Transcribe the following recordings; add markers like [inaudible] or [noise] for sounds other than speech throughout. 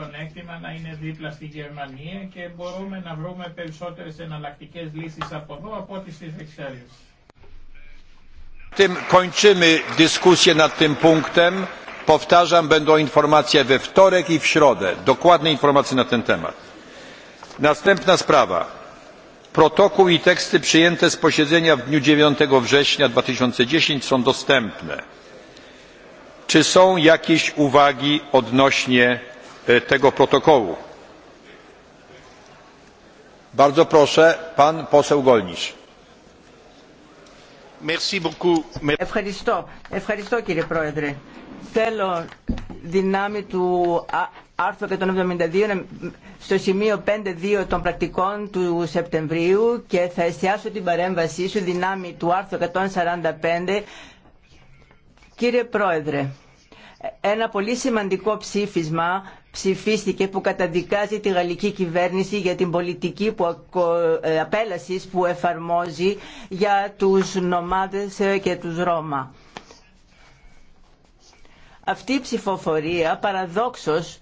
πλεονέκτημα να είναι δίπλα στη Γερμανία και μπορούμε να βρούμε περισσότερες λύσεις από εδώ από Tym kończymy dyskusję nad tym punktem. Powtarzam, będą informacje we wtorek i w środę. Dokładne informacje na ten temat. Następna sprawa. Protokół i teksty przyjęte z posiedzenia w dniu 9 września 2010 są dostępne. Czy są jakieś uwagi odnośnie E, tego protokołu. Bardzo proszę, pan poseł Golnisz. Ευχαριστώ. Ευχαριστώ κύριε Πρόεδρε. Θέλω δυνάμει του άρθρου 172 στο σημείο 5.2 των πρακτικών του Σεπτεμβρίου και θα εστιάσω την παρέμβασή σου δυνάμει του άρθρου 145. Κύριε Πρόεδρε, ένα πολύ σημαντικό ψήφισμα ψηφίστηκε που καταδικάζει τη γαλλική κυβέρνηση για την πολιτική που, ε, απέλασης που εφαρμόζει για τους νομάδες ε, και τους Ρώμα. Αυτή η ψηφοφορία παραδόξως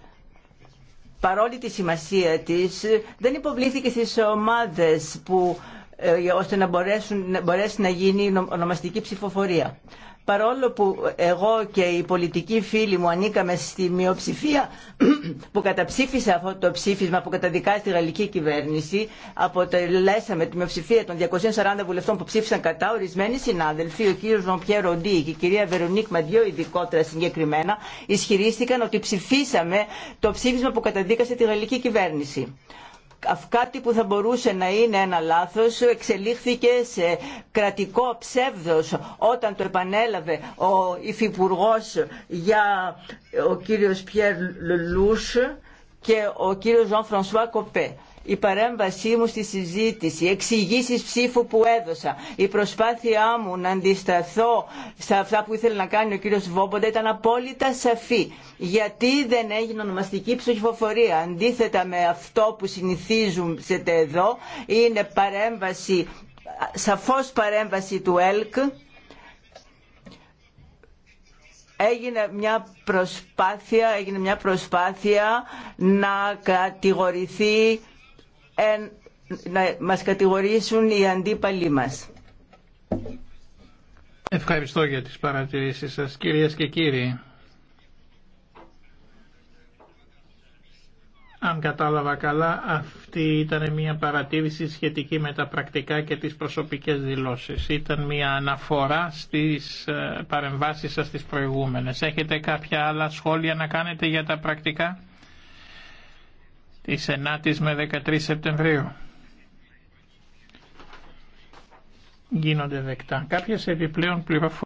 παρόλη τη σημασία της δεν υποβλήθηκε στις ομάδες που ε, ώστε να, μπορέσουν, να μπορέσει να γίνει ονομαστική ψηφοφορία. Παρόλο που εγώ και οι πολιτικοί φίλοι μου ανήκαμε στη μειοψηφία [clears throat] που καταψήφισε αυτό το ψήφισμα που καταδικάζει τη γαλλική κυβέρνηση, αποτελέσαμε τη μειοψηφία των 240 βουλευτών που ψήφισαν κατά ορισμένοι συνάδελφοι, ο κύριος Ρομπιέ Ροντί και η κυρία Βερονίκ Μαντιό ειδικότερα συγκεκριμένα, ισχυρίστηκαν ότι ψηφίσαμε το ψήφισμα που καταδίκασε τη γαλλική κυβέρνηση κάτι που θα μπορούσε να είναι ένα λάθος εξελίχθηκε σε κρατικό ψεύδος όταν το επανέλαβε ο υφυπουργό για ο κύριος Πιέρ Λουλούς και ο κύριος Ζων Φρανσουά Κοπέ η παρέμβασή μου στη συζήτηση, οι εξηγήσει ψήφου που έδωσα, η προσπάθειά μου να αντισταθώ σε αυτά που ήθελε να κάνει ο κύριο Βόμποντα ήταν απόλυτα σαφή. Γιατί δεν έγινε ονομαστική ψηφοφορία. Αντίθετα με αυτό που σε εδώ, είναι παρέμβαση, σαφώς παρέμβαση του ΕΛΚ, έγινε μια προσπάθεια, έγινε μια προσπάθεια να κατηγορηθεί να μας κατηγορήσουν οι αντίπαλοι μας. Ευχαριστώ για τις παρατηρήσεις σας κυρίες και κύριοι. Αν κατάλαβα καλά, αυτή ήταν μια παρατήρηση σχετική με τα πρακτικά και τις προσωπικές δηλώσεις. Ήταν μια αναφορά στις ε, παρεμβάσεις σας τις προηγούμενες. Έχετε κάποια άλλα σχόλια να κάνετε για τα πρακτικά της 9ης με 13 Σεπτεμβρίου. Γίνονται δεκτά. Κάποιες επιπλέον πληροφορίες